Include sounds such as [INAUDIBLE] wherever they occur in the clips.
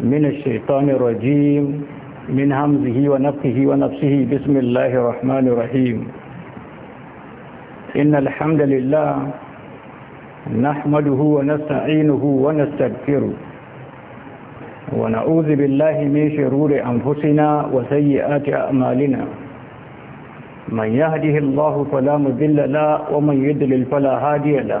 من الشيطان الرجيم من همزه ونفخه ونفسه بسم الله الرحمن الرحيم إن الحمد لله نحمده ونستعينه ونستغفره ونعوذ بالله من شرور أنفسنا وسيئات أعمالنا من يهده الله فلا مذل له ومن يدلل فلا هادي له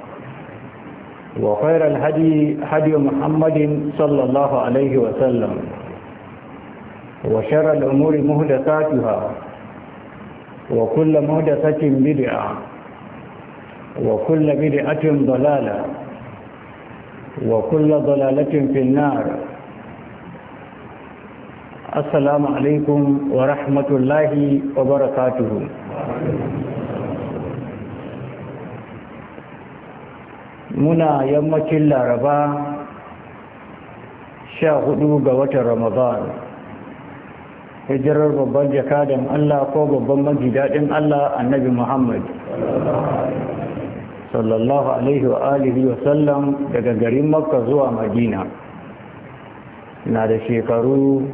وخير الهدي هدي محمد صلى الله عليه وسلم وشر الأمور مهدثاتها وكل مهدثة بدعة وكل بدعة ضلالة وكل ضلالة في النار السلام عليكم ورحمة الله وبركاته muna yammacin laraba sha hudu ga watan ramadan hijirar babban jakadan allah ko babban maji-daɗin allah annabi muhammad sallallahu alaihi wa alihi wa sallam daga garin makka zuwa madina na da shekaru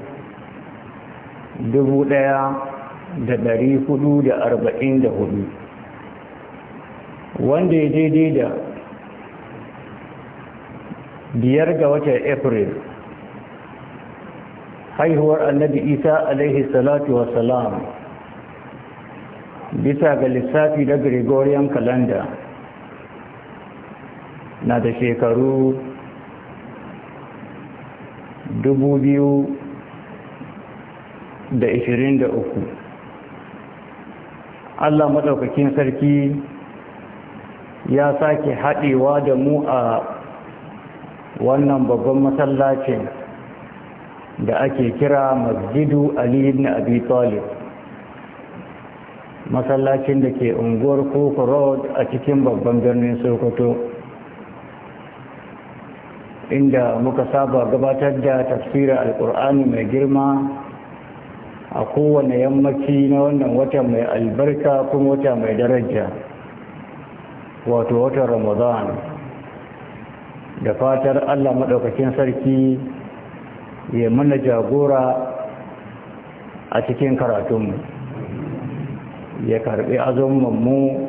dubu ɗaya da da da ɗari hudu, wanda ya daidai da biyar ga watan april haihuwar annabi isa alaihi salatu salam bisa ga lissafi na gregorian calendar na da shekaru 2023 allah maɗaukakin sarki ya sake haɗewa da mu a wannan babban masallacin da ake kira masjidu ali ibn abi talib masallacin da ke unguwar koko road a cikin babban birnin sokoto inda muka saba gabatar da tafsirar alkur'ani mai girma a kowane yammaci na wannan wata mai albarka kuma wata mai daraja wato watan ramadan da fatar allah maɗaukakin sarki ya mana jagora a cikin karatunmu ya karɓi azumanmu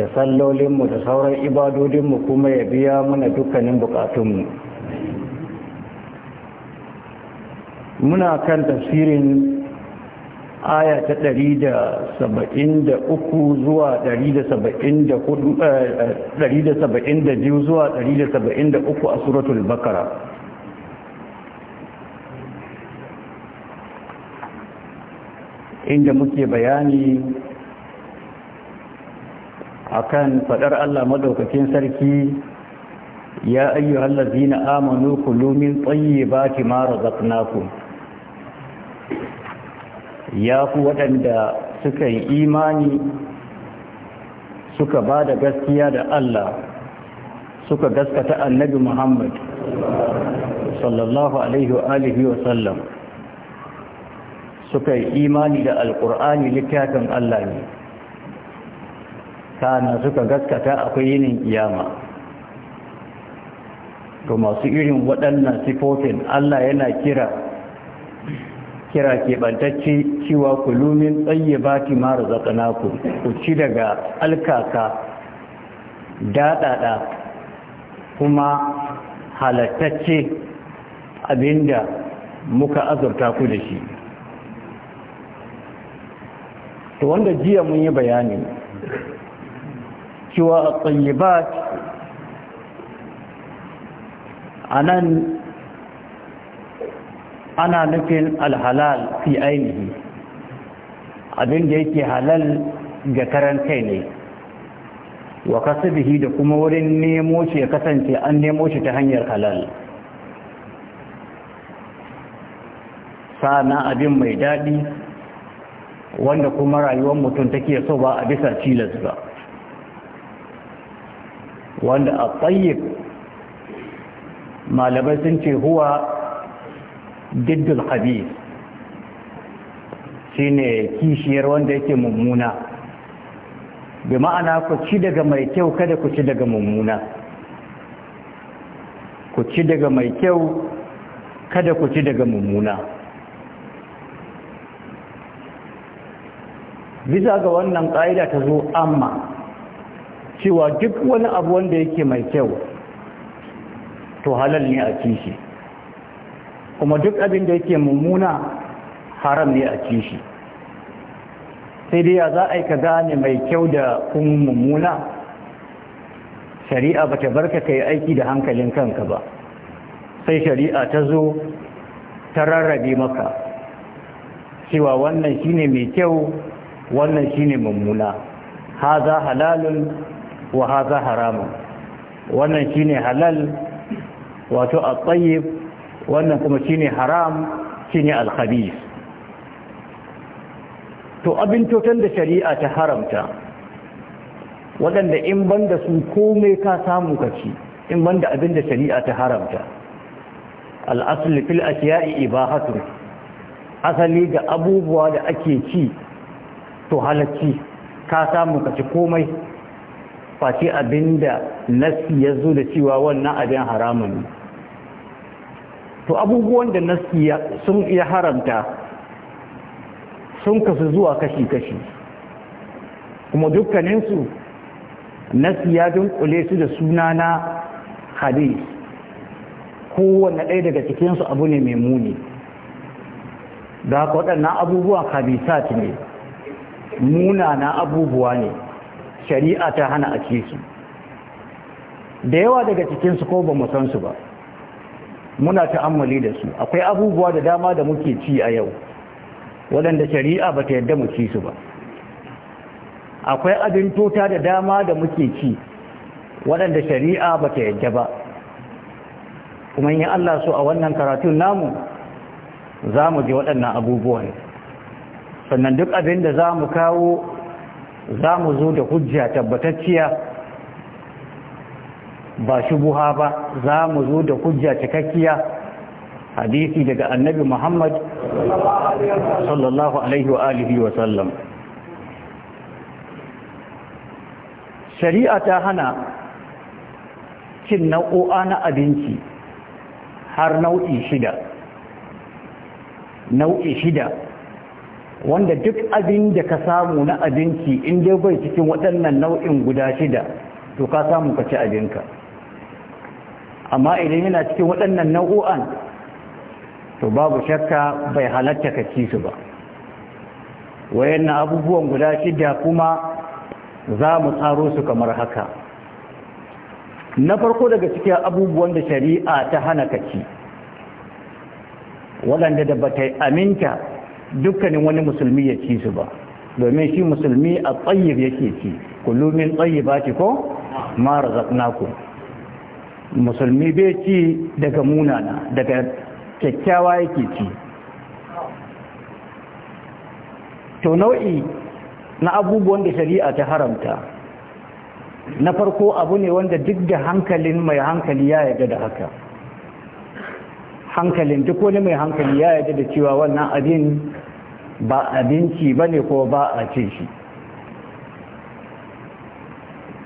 da sallolinmu da sauran ibadodinmu kuma ya biya mana dukkanin bukatunmu muna kan tafsirin aya ta 173 zuwa 172 eh, eh, zuwa 173 a suratul bakara inda muke bayani akan fadar Allah madaukakin sarki ya ayyuhallazina amanu kulu min tayyibati ma razaqnakum ya fi waɗanda suka yi imani suka ba da gaskiya da Allah suka gaskata annabi Muhammad sallallahu alaihi wa alihi wa sallam suka yi imani da alkur'ani littafin Allah ne kana suka gaskata akwai yinin kiyama to masu irin waɗannan sifofin Allah yana kira kira keɓantacce cewa tsaye ba ki mara razaqnakum ku ci daga alkaka daɗaɗa kuma halattacce abinda muka azurta ku da shi to wanda jiya mun yi bayani cewa a ba a nan ana nufin alhalal fi ainihi abin da yake halal ga karan kai ne wa kasbihi da kuma wurin nemo shi ya kasance an nemo shi ta hanyar halal sana abin mai daɗi wanda kuma rayuwar mutum take so ba a bisa tilas ba wanda a tsayyib malamai sun ce huwa diddul habis shine kishiyar wanda yake mummuna bi ma'ana ku ci daga mai kyau kada ku ci daga mummuna ku ci daga mai kyau kada ku ci daga mummuna bisa ga wannan ƙa'ida ta zo amma cewa duk wani abu wanda yake mai kyau to halal ne a kishi kuma duk abin da yake mummuna haram ne a ci shi sai dai za a yi ka gane mai kyau da kuma mummuna shari'a ba ta barka ka yi aiki da hankalin kanka ba sai shari'a ta zo ta rarrabe maka cewa wannan shine mai kyau wannan shine mummuna Ha za halalun wa ha za haramun wannan shine halal wato a tayyib wannan kuma shine haram shine al-khabith to abin totan da shari'a ta haramta waɗanda in banda su komai ka samu kaci in banda abin da shari'a ta haramta al'asul fil ashiya'i ibahatu asali ga abubuwa da ake ci to halacci ka samu kaci komai face abinda nasi ya zo da cewa wannan abin haramun to abubuwan da nasi sun iya haramta sun kasu zuwa kashi-kashi kuma dukkaninsu na ya dunkule su da suna na hadis kowane ɗaya daga cikinsu abu ne mai muni da haka waɗannan abubuwan hadisat ne munana abubuwa ne shari'a ta hana a ce su da yawa daga cikinsu ko ba mu san su ba muna ta'ammali da su akwai abubuwa da dama da muke ci a yau waɗanda shari'a ba ta yadda mu ci su ba akwai abin tota da dama da muke ci waɗanda shari'a ba ta yadda ba kuma yin Allah so a wannan karatun namu za mu ji waɗannan abubuwan sannan duk abin da za mu kawo za mu zo da hujja tabbatacciya ba shubuha ba za mu zo da hujja cikakkiya hadisi daga annabi Muhammad sallallahu alaihi wa alihi wa sallam shari'a ta hana cin nau'o'a na abinci har nau'i shida nau'i shida wanda duk abin da ka samu na abinci in dai bai cikin waɗannan nau'in guda shida to ka samu ka ci abinka amma idan yana cikin waɗannan nau'o'an to babu shakka bai halatta ka su ba wayannan abubuwan guda shida kuma za mu tsaro su kamar haka na farko daga cikin abubuwan da shari'a ta hana ka ci waɗanda da bata aminta dukkanin wani musulmi ya ci su ba domin shi musulmi a tsayib yake ci kulumin tsayibati ko mara zaknaku musulmi bai ci daga munana daga kyakkyawa yake ci to nau'i na abubuwan da shari'a ta haramta na farko abu ne wanda duk da hankalin mai hankali ya yarda da haka hankalin duk wani mai hankali ya yarda da cewa wannan abin ba abinci ba ne ko ba a ce shi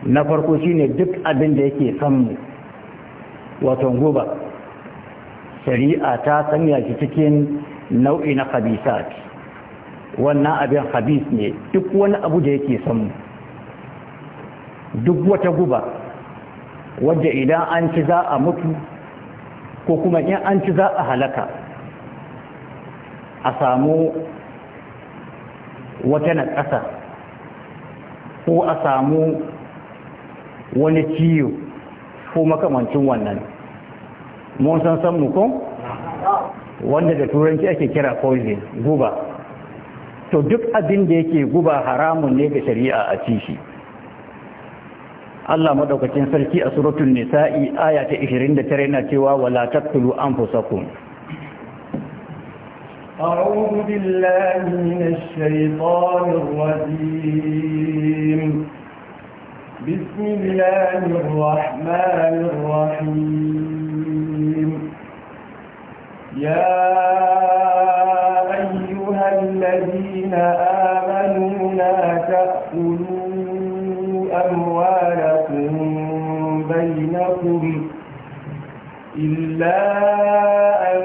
na farko shine duk abin da yake samu wato guba shari'a ta sanya shi cikin nau'i na khabisa wannan abin khabis ne duk wani abu da yake samu duk wata guba wadda idan an ci za a mutu ko kuma in an ci za a halaka a samu wata na ƙasa ko a samu wani ciyo ko makamancin wannan mun san san mu ko wanda da turanci ake kira poison guba to duk abin da yake guba haramun ne ga shari'a a cishi shi Allah madaukakin sarki a suratul nisa'i aya ta 29 yana cewa wala taqtulu anfusakum أعوذ بالله من الشيطان الرجيم بسم الله الرحمن الرحيم الرجيم يا أيها الذين آمنوا لا تأكلوا أموالكم بينكم إلا أن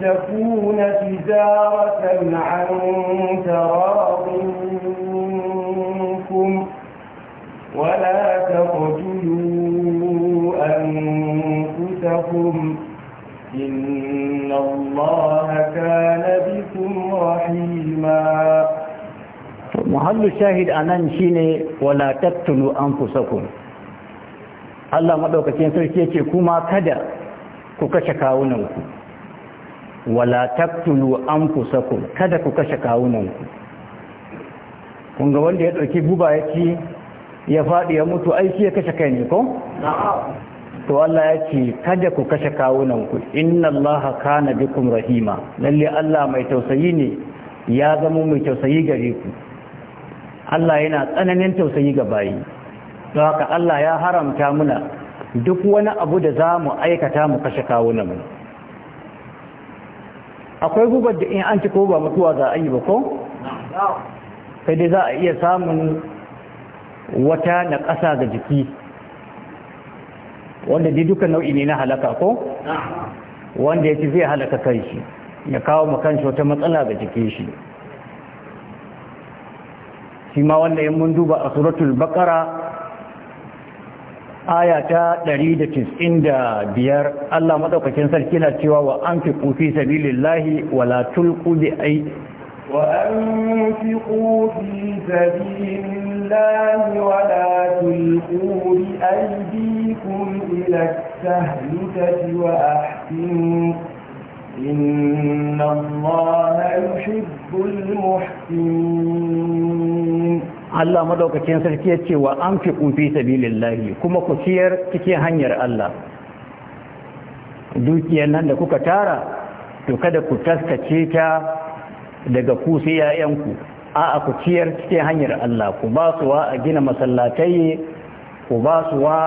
تكون تجارة عن تراض منكم ولا لهم إن الله كان بكم رحيما محل الشاهد أن ولا تقتلوا أنفسكم Allah maɗaukacin sarki yake kuma kada ku kashe kawunanku wala taqtulu anfusakum kada ku kashe kawunanku kun ga wanda ya dauki guba yake ya fadi ya mutu aiki ya kashe kai ne ko to Allah ya ce kada ku kashe kawunan ku. inna Allah kana bikum rahima lalle Allah mai tausayi ne ya zama mai tausayi gare ku Allah yana tsananin tausayi ga bayi don haka Allah ya haramta muna duk wani abu da za mu aikata mu kashe mu. akwai gubar da in an ci ko ba mutuwa za a yi ba ko? sai dai za a iya samun wata na ƙasa ga jiki wanda dai duka nau'i ne na halaka ko wanda ya ci zai halaka shi ya kawo makanshi wata matsala ga jikin shi shi ma wanda yin mun duba a suratul bakara aya ta 195 Allah madaukakin sarki na cewa wa anfiqu fi sabilillahi wala tulqu bi وأنفقوا في سبيل الله ولا تلقوا بأيديكم إلى التهلكة وأحسنوا إن الله يحب المحسنين Allah madaukakin sarki ya ce wa an fi sabilillahi kuma ku siyar cikin hanyar Allah dukiyar nan da kuka tara to kada ku taskace ta daga ku sai ‘ya'yanku a ku ciyar cikin hanyar Allah ku ba su wa a gina masallatai ku ba wa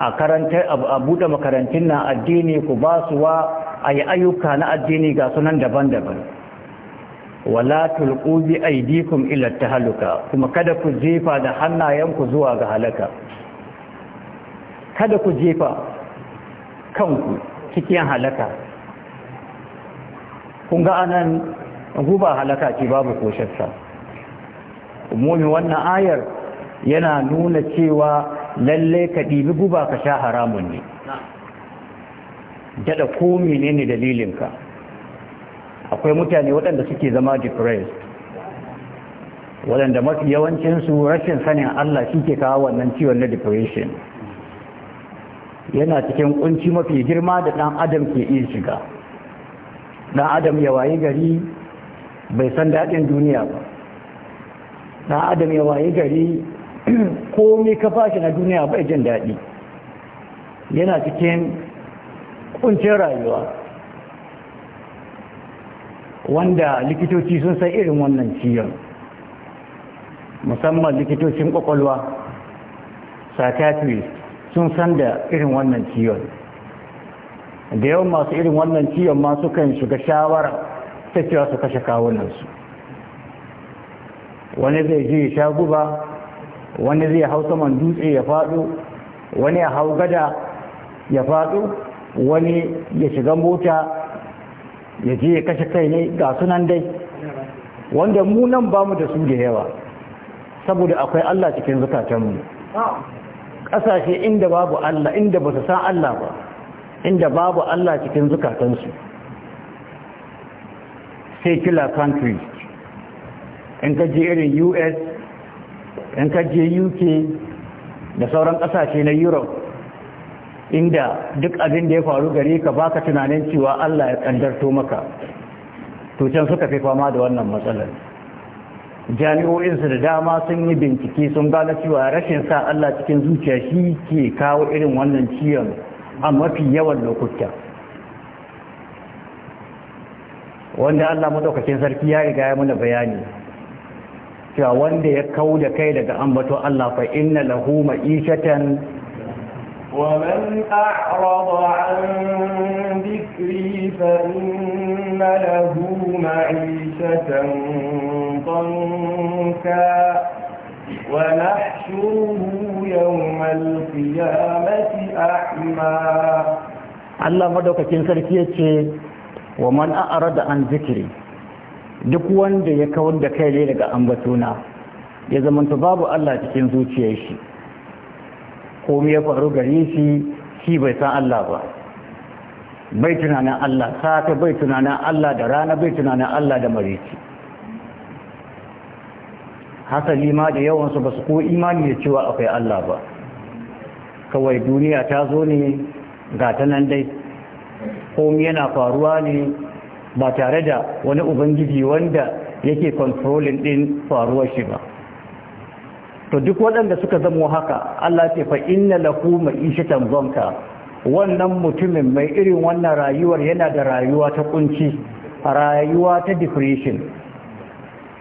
a karanta a buɗe makarantun na addini ku ba su wa a yi ayyuka na addini ga sunan daban-daban wala tulqu bi aydikum ila tahaluka kuma kada ku jefa da hannayenku zuwa ga halaka kada ku jefa kanku cikin halaka kun ga anan guba halaka ce babu ko Umomin umumi wannan ayar yana nuna cewa lalle ka ɗibi guba ka sha haramun ne daɗa ko menene dalilinka akwai mutane waɗanda suke zama depressed waɗanda mafi yawancinsu rashin sanin Allah shi ke kawo wannan ciwon na depression yana cikin ƙunci mafi girma da ɗan adam ke iya shiga ɗan adam ya wayi gari bai san daɗin duniya ba na adam ya waye gari [CLEARS THROAT] komai kafashi na duniya bai jin daɗi yana cikin kuncin rayuwa wanda likitoci sun san irin wannan ciyon musamman likitocin kwakwalwa psychiatrist sun san da irin wannan ciyon da yawan masu irin wannan ciyon masu kan shiga shawara ta cewa su kashe kawunansu wani zai je ya sha guba wani zai hau saman dutse ya faɗo wani ya hau gada ya faɗo wani ya shiga mota ya je ya kashe kai ne ga sunan dai wanda mu nan ba mu da su da yawa saboda akwai Allah cikin zukatanmu ƙasashe inda babu Allah inda ba su san Allah ba inda babu Allah cikin zukatansu secular countries in ka irin us in ka uk da sauran ƙasashe na europe inda duk abin da ya faru gare ka baka tunanin cewa Allah ya kandarto maka to can suka fi fama da wannan matsalar jami'o'insu da dama sun yi bincike sun gano cewa rashin sa Allah cikin zuciya shi ke kawo irin wannan ciyon a mafi yawan lokuta wanda Allah madaukakin sarki ya riga ya muna bayani cewa wanda ya kau da kai daga ambato Allah fa inna lahu ma'ishatan wa man a'rada 'an dhikri fa inna lahu ma'ishatan tanka wa nahshuru yawma al-qiyamati ahma Allah madaukakin sarki yace wa man a'rada an zikiri duk wanda ya kawar da kai ne daga ambatona ya zamanta babu Allah cikin zuciyar shi komai ya faru gare shi shi bai san Allah ba bai tunanin Allah ta bai tunanin Allah da rana bai tunanin Allah da marici hasali ma da yawansu ba su ko imani da cewa akwai Allah ba kawai duniya ta zo ne ga ta nan dai komi yana faruwa ne ba tare da wani ubangiji wanda yake controlling din faruwar shi ba to duk waɗanda suka zama haka Allah ce fa inna lahu ma'ishatan zanka wannan mutumin mai irin wannan rayuwar yana da rayuwa ta kunci rayuwa ta depression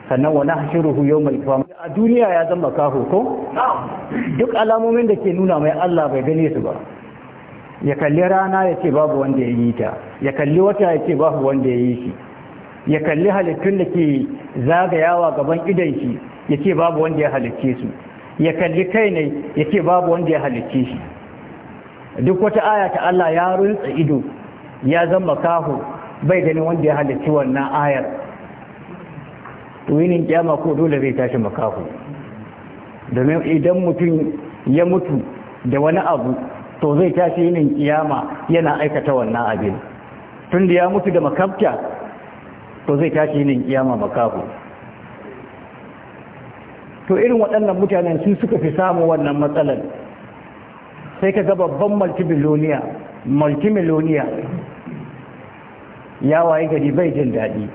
sannan wani nahshuruhu yau mai a duniya ya zama kaho ko duk alamomin da ke nuna mai Allah bai gane su ba ya kalli rana ya ce babu wanda ya yi ta ya kalli wata ya ce babu wanda ya yi shi ya kalli halittun da ke zagayawa gaban idan shi ya ce babu wanda ya halicce su ya kalli kai ne ya ce babu wanda ya halicce shi duk wata aya ta Allah ya rutsa ido ya zama kahu bai gani wanda ya halicci wannan ayar to yinin kyama ko dole zai tashi makahu. domin idan mutum ya mutu da wani abu to zai tashi yinin kiyama yana aikata wannan abin tun da ya mutu da makabta to zai tashi yinin kiyama makafu to irin waɗannan mutanen su suka fi samu wannan matsalar sai ka ga babban multimillionaire multimillionaire ya waye gari bai jin daɗi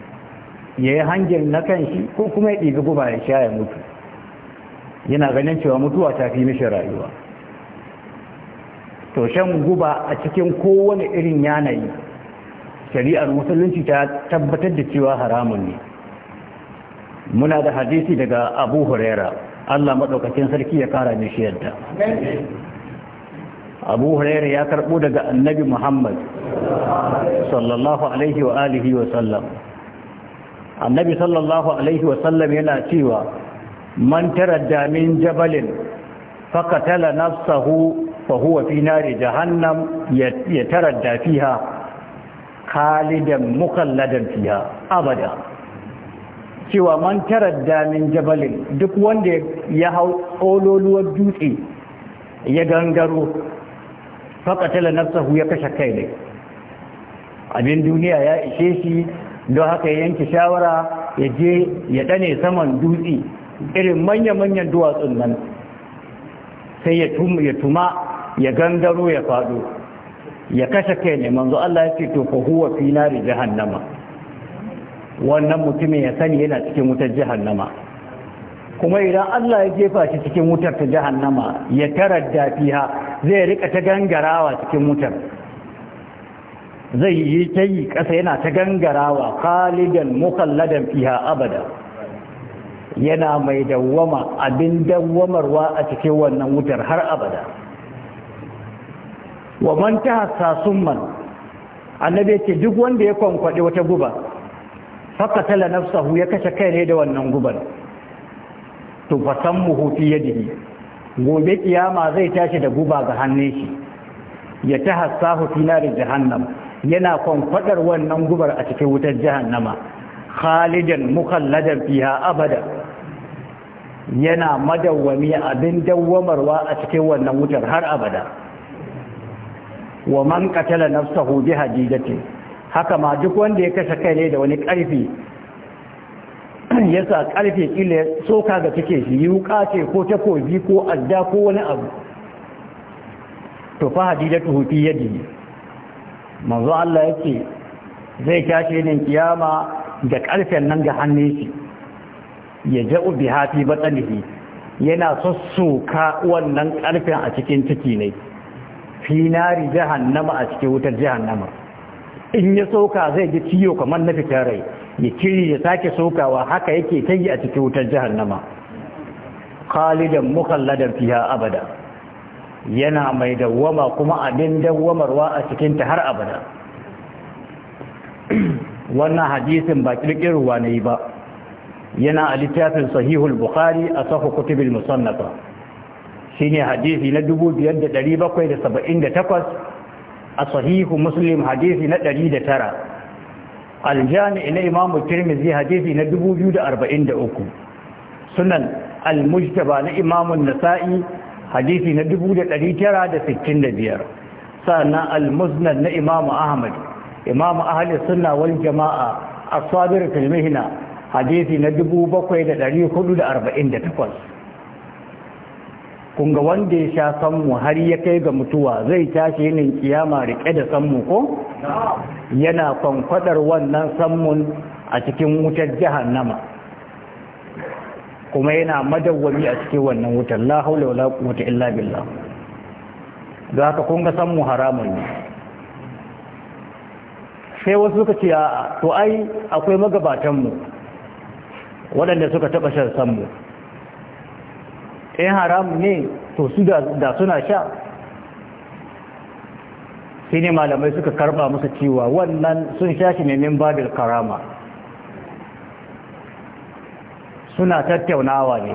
ya yi hangin na shi ko kuma ya ɗiga guba ya sha ya mutu yana ganin cewa mutuwa ta fi mishi rayuwa to shan guba a cikin kowane irin yanayi shari'ar musulunci ta tabbatar da cewa haramun ne muna da hadisi daga abu huraira allah maɗaukacin sarki ya kara mishi yadda abu huraira ya karɓo daga annabi muhammad sallallahu alaihi wa alihi wa sallam annabi sallallahu alaihi wa sallam yana cewa man tara damin jabalin fakatala nafsahu fa huwa fi nari jahannam ya fiha khalidan mukalladan fiha abada cewa man taradda min jabalin duk wanda ya hau ololuwar dutse ya gangaro na nafsahu ya kashe kai ne abin duniya ya ishe shi don haka ya yanke shawara ya je ya ɗane saman dutse irin manya-manyan duwatsun nan sai ya tuma ya gangaro ya fado ya kashe kai ne manzo Allah ya ce to fa huwa fi nari jahannama wannan mutumin ya sani yana cikin wutar jahannama kuma idan Allah ya jefa shi cikin wutar ta jahannama ya taradda fiha zai rika ta gangarawa cikin wutar zai yi kai kasa yana ta gangarawa khalidan mukalladan fiha abada yana mai dawwama abin dawwamarwa a cikin wannan wutar har abada wa man hasasun man. annabi yake duk wanda ya kwankwade wata guba tala nafsahu ya kashe kai ne da wannan guban to fasammuhu fi yadihi gobe kiyama zai tashi da guba ga hannun shi ya tahassahu fi nar jahannam yana kwankwadar wannan gubar a cikin wutar jahannama khalidan mukhalladan fiha abada yana madawwami abin dawwamarwa a cikin wannan wutar har abada wa man katala nafsahu bi hadidati haka ma duk wanda ya kashe kai ne da wani karfi yasa karfe kila soka ga take shi yi wuka ce ko takobi ko adda ko wani abu to fa hadidatu fi yadi manzo Allah yake zai tashi ne kiyama da karfen nan ga hannun shi ya ja'u bi hafi batsalihi yana sassoka wannan karfen a cikin ciki ne Finari nari jahannama a cikin wutar jahannama in ya soka zai ji ciyo kamar na fitar rai ya kiri ya sake sokawa haka yake ta yi a cikin wutar jahannama khalidan mukhalladan fiha abada yana mai dawwama kuma abin dawwamarwa a cikin ta har abada [CLEARS THROAT] wannan hadisin ba kirkirwa ne ba yana a littafin sahihul bukhari a sahu kutubul musannafa shine hadisi na 5778 a sahihu muslim hadisi na 109 aljami na imamu tirmizi hadisi na 2043 sunan almujtaba na imamun nasa'i hadisi na 1965 sannan almuznad na imamu ahmad imamu ahli sunna wal jama'a as-sabir fil mihna hadisi na 7448 kunga wanda ya sha sanmu har ya kai ga mutuwa zai tashi yinin kiyama rike da sanmu ko yana kwankwadar wannan sanmu a cikin wutar jahannama kuma yana madawwami a cikin wannan wutar la haula wala quwwata illa billah da haka kunga sanmu haramun ne sai wasu suka ce to ai akwai magabatan mu waɗanda suka taɓa shan sanmu E, haram ne to su da suna sha shi ne malamai suka karba masa cewa wannan sun sha shi ne min babil karama suna tattaunawa ne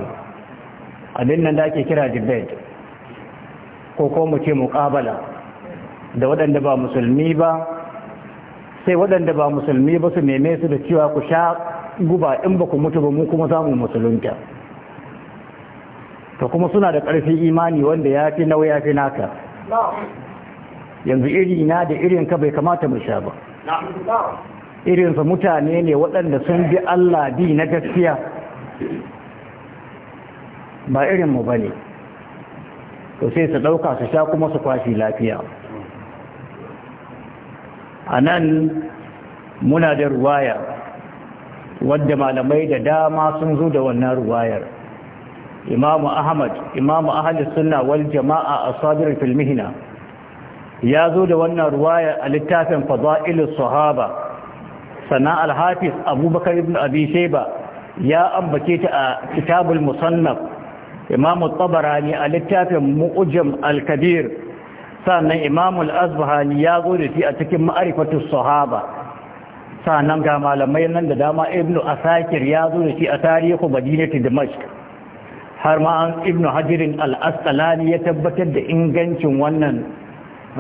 abin nan da ake kira debate ko ko mu ce muƙabala da waɗanda ba musulmi ba sai waɗanda ba musulmi ba su neme su da cewa ku sha guba in ba ku mutu ba mu kuma samun musulunta to kuma suna da ƙarfin imani wanda ya fi nawa ya fi naka yanzu iri na da irin ka bai kamata mu sha ba irinsa mutane ne waɗanda sun bi Allah bi na gaskiya ba mu ba ne to sai su ɗauka su sha kuma su kwashi lafiya a nan muna da ruwaya wadda malamai da dama sun zo da wannan ruwayar imamu ahmad imamu ahli sunna wal jama'a a fil filmihina ya zo da wannan ruwaya a littafin fada'ilus sahaba sana al-hafiz abubakar ibn abi ya ambace ta a kitabul musannaf imamu tabarani a littafin mu'jam al-kabir sannan imamu al-azbahani ya zo da shi a cikin ma'rifatus sahaba sannan ga malamai nan da dama ibnu asakir ya zo da shi a tarihi madinatu dimashq har ma an ibn hajirin al'asqalani ya tabbatar da ingancin wannan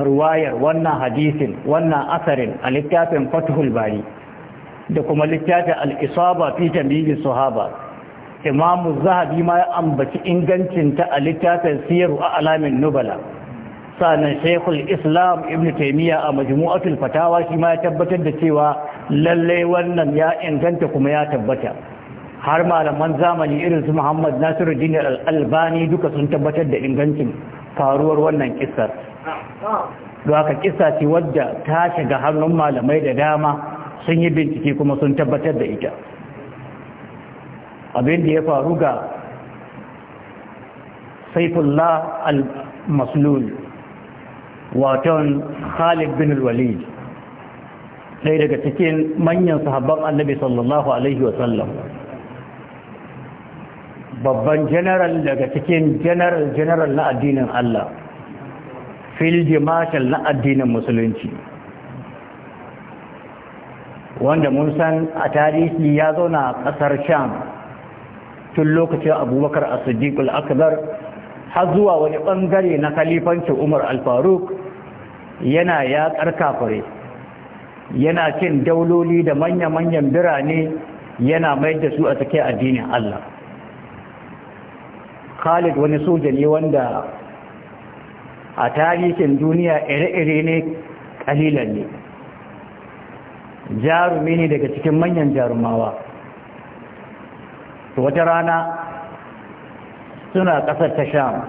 ruwayar wannan hadisin wannan asarin a littafin fathul bari da kuma littafin al'isaba fi tambayin sahaba imamu zahabi ma ya ambaci ingancinta a littafin siyaru a alamin nubala sanan shekul islam ibn taimiyya a majmu'atul fatawa shi ma ya tabbatar da cewa lallai wannan ya inganta kuma ya tabbata har malaman zamani irin su muhammad nasiru al albani duka sun tabbatar da ingancin faruwar wannan kisar da haka kisa ce wadda ta shiga hannun malamai da dama sun yi bincike kuma sun tabbatar da ita abin da ya faru ga saifullah al-maslul waton khalid bin walid ɗaya daga cikin manyan sahabban annabi sallallahu alaihi wasallam babban general daga cikin general general na addinin Allah Field marshal na addinin musulunci wanda mun san a tarihi ya zauna a ƙasar sham tun lokacin abubakar a al akbar har zuwa wani ɓangare na kalifancin umar al-faruk yana yaƙar kafare yana cin dauloli da manya-manyan birane yana mai da su a tsakiyar addinin Allah khalid wani soja ne wanda a tarihin duniya ire-ire ne kalilan ne jarumi ne daga cikin manyan jarumawa wata rana suna ƙasar ta sham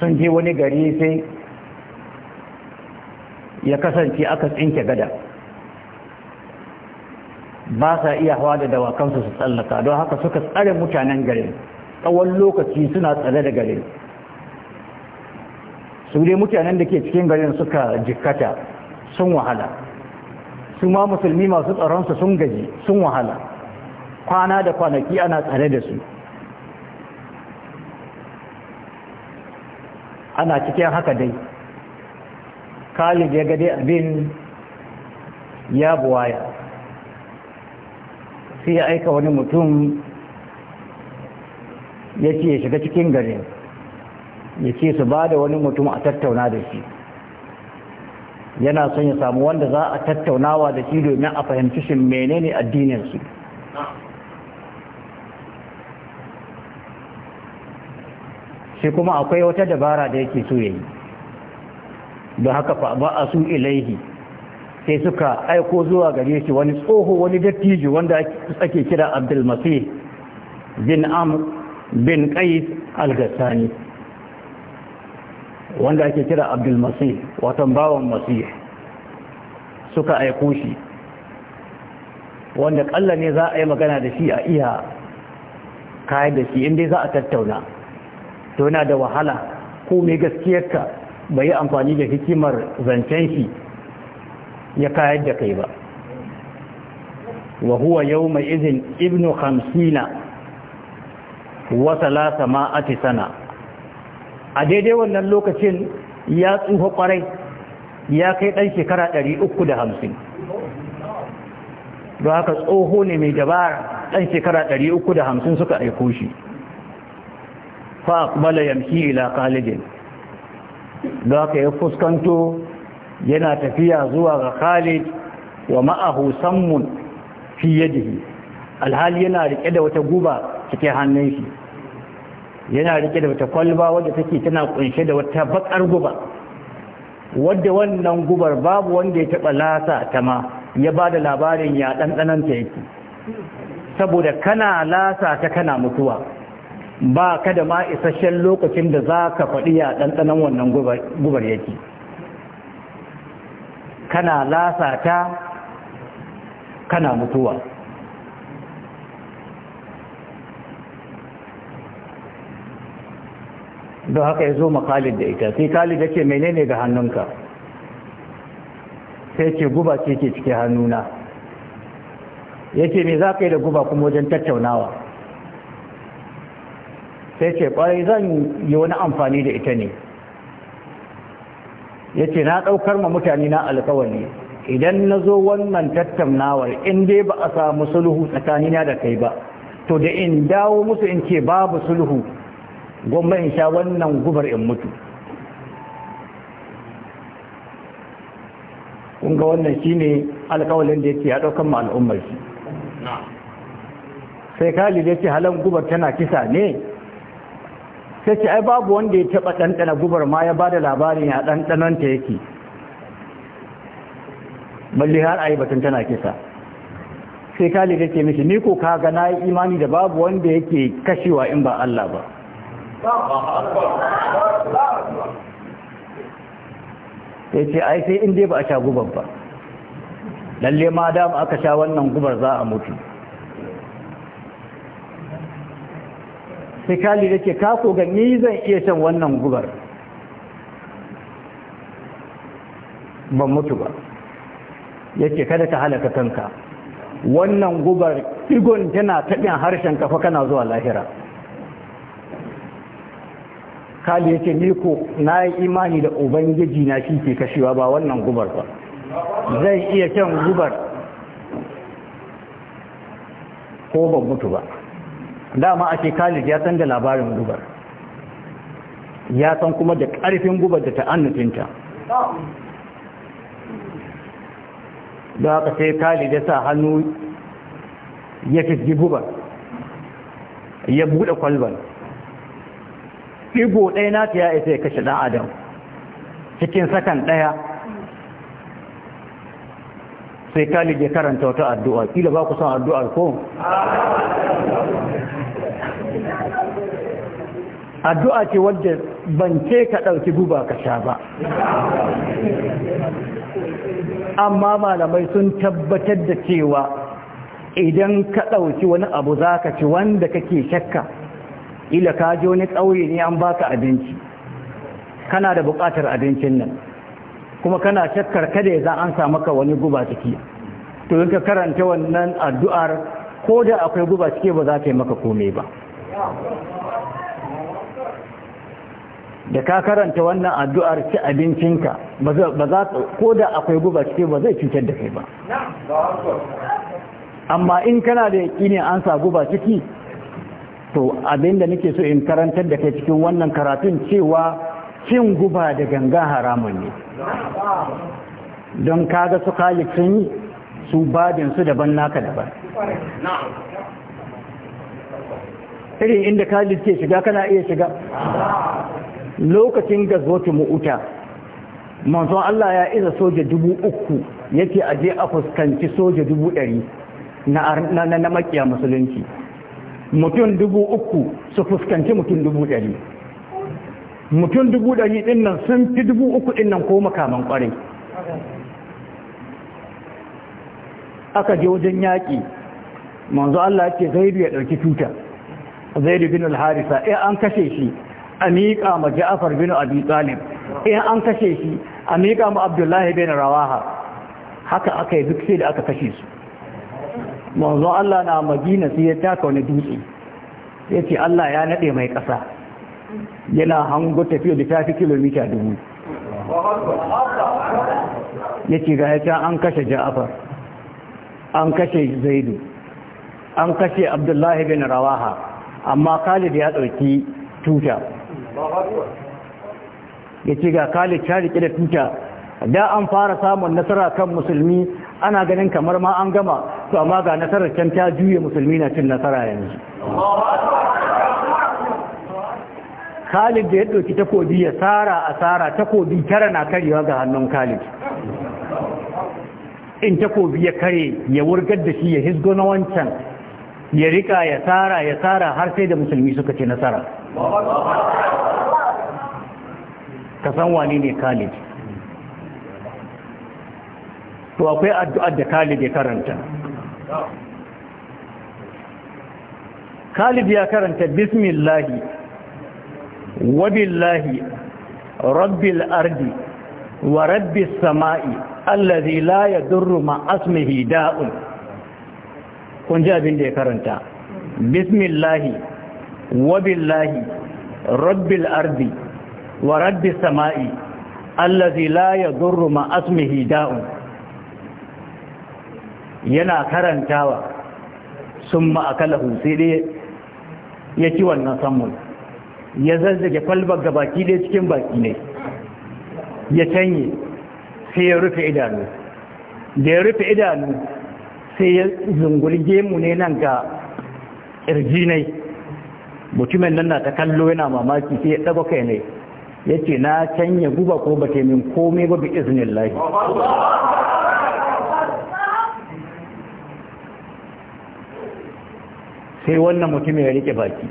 sun je wani gari sai ya kasance aka tsinke gada ba sa iya hawa da dawakansu su tsallaka don haka suka tsare mutanen garin tsawon lokaci suna tsare da garin su dai mutanen da ke cikin garin suka jikata sun wahala su ma musulmi masu tsaronsu sun gaji sun wahala kwana da kwanaki ana tsare da su ana cikin haka dai khalid ya gade abin ya buwaya sai ya aika wani mutum ya ce ya shiga cikin garin ya ce su ba da wani mutum a tattauna da shi yana son ya samu wanda za a tattaunawa da shi domin a fahimci shi menene addininsu shi kuma akwai wata dabara da yake so ya yi da haka fa ba a su ilaihi sai suka aiko zuwa gare shi wani tsoho wani dattijo wanda ake kira abdul masih bin Am bin qais al-ghassani wanda ake kira abdul masih watan bawan masih suka aiko shi wanda kalla ne za a yi magana da shi a iya kayan da shi inda za a tattauna to yana da wahala ko mai gaskiyarka bai yi amfani da hikimar zancen shi ya kayar da kai ba wa huwa yawma idhin ibnu 50 wa ma'ati sana a daidai wannan lokacin ya tsufa kwarai ya kai dan shekara 350 don haka tsoho ne mai dabara dan shekara 350 suka aiko shi fa aqbala yamshi ila qalidin don ka yi fuskanto yana tafiya zuwa ga Khalid wa ma'ahu sammun fi yadihi alhali yana rike da wata guba cikin hannun shi yana rike da wata kwalba wadda take tana kunshe da wata bakar guba wadda wannan gubar babu wanda ya taba lasa ta ma ya ba da labarin ya danan ta yake saboda kana lasa ta kana mutuwa ba ka da ma isasshen lokacin da zaka ka faɗi ya ɗanɗanan wannan gubar yake kana lasata kana mutuwa don haka ya zo makalid da ita sai kalid ya ce menene ga hannunka sai ce guba ce ke cike hannuna ya ce me za ka yi da guba kuma wajen tattaunawa sai ce kwarai zan yi wani amfani da ita ne Ya ce na ɗaukar ma mutane na alkawari idan na zo wannan tattaunawar in dai ba a samu sulhu tsakanina da kai ba to da in dawo musu in ce babu sulhu gwamma in sha wannan gubar in mutu kunga wannan shi ne alkawalin da ya ce ya ɗaukar ma al'ummar shi sai khalid ce halar gubar tana kisa ne sai ce ai babu wanda ya taba dandana gubar ma ya bada da labarin ya ta yake balle har ayi batun tana kisa sai kali da ke mishi ni ko ka ga na yi imani da babu wanda yake kashewa in ba Allah ba sai ce ai sai in dai ba a sha gubar ba lalle ma da aka sha wannan gubar za a mutu sai kali da ce kaso ga ni zan iya shan wannan gubar ban mutu ba yake kada ka halaka kanka wannan gubar igon tana taɓin harshen kafa kana zuwa lahira kali yake ni ko na yi imani da ubangiji na shi ke kashewa ba wannan gubar ba zai iya shan gubar ko ba mutu ba dama a ce khalid ya san da labarin gubar ya san kuma da ƙarfin gubar da ta'annufinta da haka sai khalid ya sa hannu ya fi gubar ya buɗe kwalban Ibo ɗaya na ta ya isa ya kashe ɗan adam cikin sakan ɗaya sai khalid ya karanta wata addu'a ƙila ba ku son addu'ar ko? addu'a ce wadda ce ka ɗauki guba ka sha ba amma malamai sun tabbatar da cewa idan ka ɗauki wani abu za ka ci wanda kake shakka ila ka ji wani ƙauye ne an baka abinci kana da buƙatar abincin nan kuma kana shakkar kada ya za an samu ka wani guba ciki to in ka karanta wannan addu'ar ko da akwai guba cike ba za ta yi maka komai ba da ka karanta wannan addu'ar ci abincinka ba ko da akwai guba cike ba zai cutar da kai ba amma in kana da ne an sa guba ciki to abinda nake so in karantar da kai cikin wannan karatun cewa cin guba da ganga haramun ne don kaga su kayi sun su badin daban naka daban irin inda khalid ke shiga kana iya shiga lokacin zoci mu'uta manzon Allah ya iza soja dubu uku yake aje a fuskanci soja dubu ɗari na makiya musulunci mutum dubu uku su fuskanci mutum dubu ɗari mutum dubu ɗari ɗin nan sun fi dubu uku ɗin nan ko makaman ƙwarai aka je wajen yaƙi manzo Allah yake zaidu ya dauki tuta zaidu bin al-harisa eh an kashe shi a miƙa ma ja'far bin abi talib eh an kashe shi a miƙa ma abdullahi bin rawaha haka aka yi duk sai da aka kashe su manzo Allah na Madina sai ya taka wani dutse yace Allah ya nade mai ƙasa yana hango tafiya da tafi kilomita dubu yace ga ya an kashe Ja'far an kashe Zaidu an kashe abdullahi bin rawaha amma khalid ya ɗauki tuta ya ce ga khalid ya riƙe da tuta da an fara samun nasara kan musulmi ana ganin kamar ma an gama to amma ga nasarar can ta juye musulmi na cin nasara yanzu Khalid da ya ɗauki takobi ya tsara a tsara takobi tara na karewa ga hannun Khalid. In takobi ya kare ya wurgar da shi ya hizgo na wancan ya rika ya tsara ya tsara har sai da musulmi suka ce nasara ka san wani ne khalid to akwai addu'ar da khalid ya karanta khalid ya karanta bismillahi wabillahi rabbil ardi wa rabbis sama'i allazi la yadurru ma asmihi da'un kun ji abin da ya karanta bismillahi billahi rabbil ardi wa rabbis sama'i allazi la yadurru ma asmihi da'un yana karantawa summa akalahu sai dai ya ci wannan samun ya zazzage kwalbar gabaki dai cikin baki ne ya canye sai ya rufe idanu da ya rufe idanu sai ya zunguri gemu ne nan ga ƙirjinai mutumin nan na ta kallo yana mamaki sai ya ɗaga kai ne ya ce na canya guba ko ba min komai ba bi izinin lahi sai wannan mutumin ya rike baki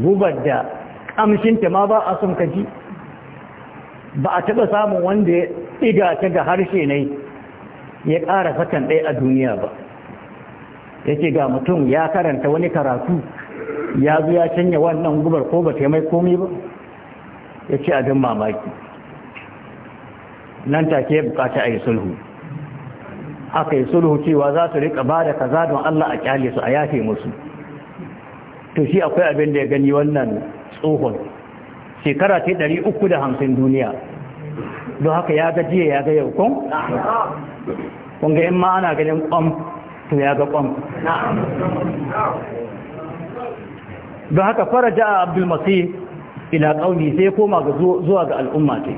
gubar da ƙamshinta ma ba a sun kaji ba a taɓa samun wanda ya ɗiga ta ga harshe ne ya ƙara sakan ɗaya a duniya ba yake ga mutum ya karanta wani karatu ya zo ya canya wannan gubar ko ba mai komi ba ya ce abin mamaki nan take ya bukata a yi sulhu aka yi sulhu cewa za su riƙa ba da kaza don Allah a kyale su a yafe musu to shi akwai abin da ya gani wannan tsohon shekara ta hamsin duniya don haka ya ga jiya ya ga yau kun kun ga in ma ana ganin kwam to ya ga kwam don haka fara ja abdul Abdulmasi ila kauni sai koma zuwa ga al'umma ce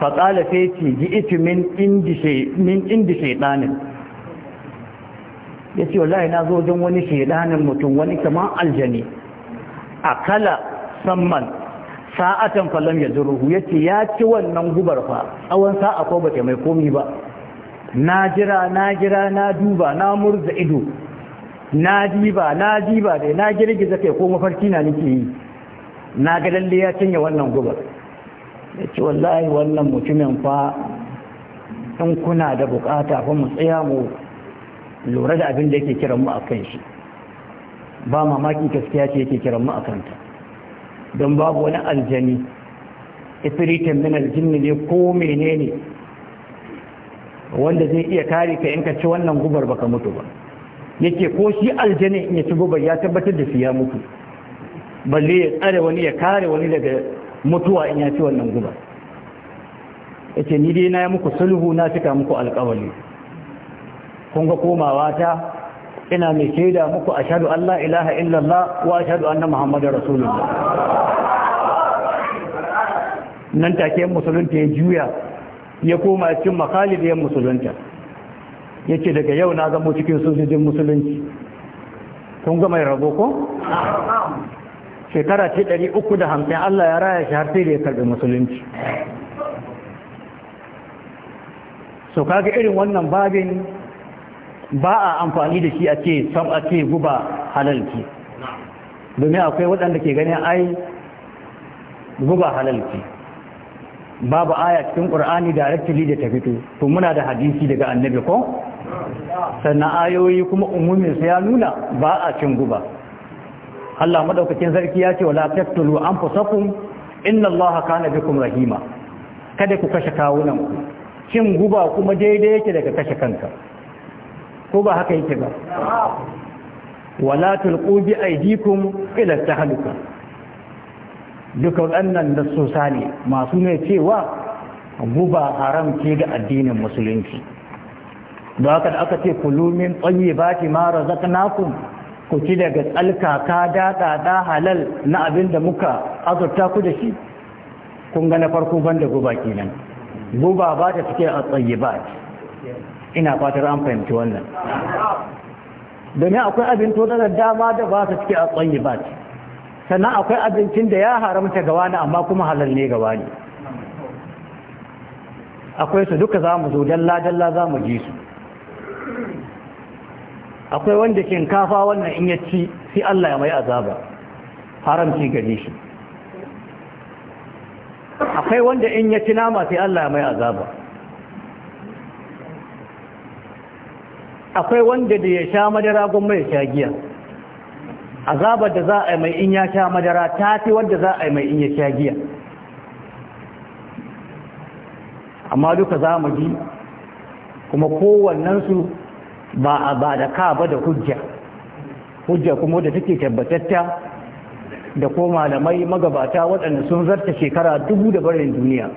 faƙala sai ce ji iti min indi shaidanin ya ce wallahi na zo wani shaidanin mutum wani kamar aljani a kala samman sa'atan fallam ya duruhu ya ce ya ci wannan gubar fa tsawon sa'a ko ba mai komi ba na jira na jira na duba na murza ido na diba na diba dai na girgiza kai ko mafarki na nake yi na ga lalle ya cinye wannan gubar ya ce wallahi wannan mutumin fa in kuna da bukata fa mu tsaya mu lura da abin da yake kiran mu a kan shi ba mamaki gaskiya ce yake kiran mu a kanta don babu wani aljani ifiritin min aljinni ne ko menene wanda zai iya kare ka in ka ci wannan gubar baka mutu ba yake ko shi aljani in ya ci gubar ya tabbatar da shi ya mutu balle ya tsare wani ya kare wani daga mutuwa in ya ci wannan gubar yace ni dai na ya muku sulhu na cika muku alƙawari kun ga komawa ta ina mai shaida muku ashadu allah ilaha illallah wa ashadu anna muhammadar rasulullah nan take yan musulunta ya juya ya koma cikin makhalid yan musulunta yace daga yau na zamo cikin sojojin musulunci kun ga mai rabo ko shekara ce 350 Allah ya raya shi har sai da ya karbi musulunci so kaga irin wannan babin ba a amfani da shi a ce sam a ce guba halalci domin akwai waɗanda ke ganin ai guba halalci babu aya cikin qur'ani directly da ta fito to muna da hadisi daga annabi ko sannan ayoyi kuma umumin sa ya nuna ba a cin guba Allah madaukakin sarki ya ce wala taqtulu anfusakum inna Allaha kana bikum rahima kada ku kashe kawunan ku cin guba kuma daidai yake daga kashe kanka ko ba haka yake ba wala tulqu bi aydikum ila tahluka duka waɗannan da sosa ne masu ne cewa guba haram ce ga addinin musulunci da haka da aka ce kulumin tsayi ba ki mara zakanakum ku ci daga da da halal na abin da muka azurta ku da shi kun ga na farko banda guba kenan guba ba ta cike a tsayi ba ina fatar an fahimci wannan domin akwai abin to da dama da ba ta cike a tsayi ba ce sannan akwai abincin da ya haramta ga wani amma kuma halal ne ga wani akwai su duka za mu zo dalla-dalla za mu ji su akwai wanda shinkafa wannan in yaci fi sai Allah ya mai azaba haramci gare shi akwai wanda in yaci nama sai Allah ya mai azaba akwai wanda da ya sha madara gwamma ya sha giya azabar da za a yi mai in ya sha madara ta fi wadda za a yi mai in ya sha giya amma duka za mu ji kuma kowannensu ba a ba da ka ba da hujja hujja kuma da take tabbatatta da ko malamai magabata waɗanda sun zarta shekara dubu da barin duniya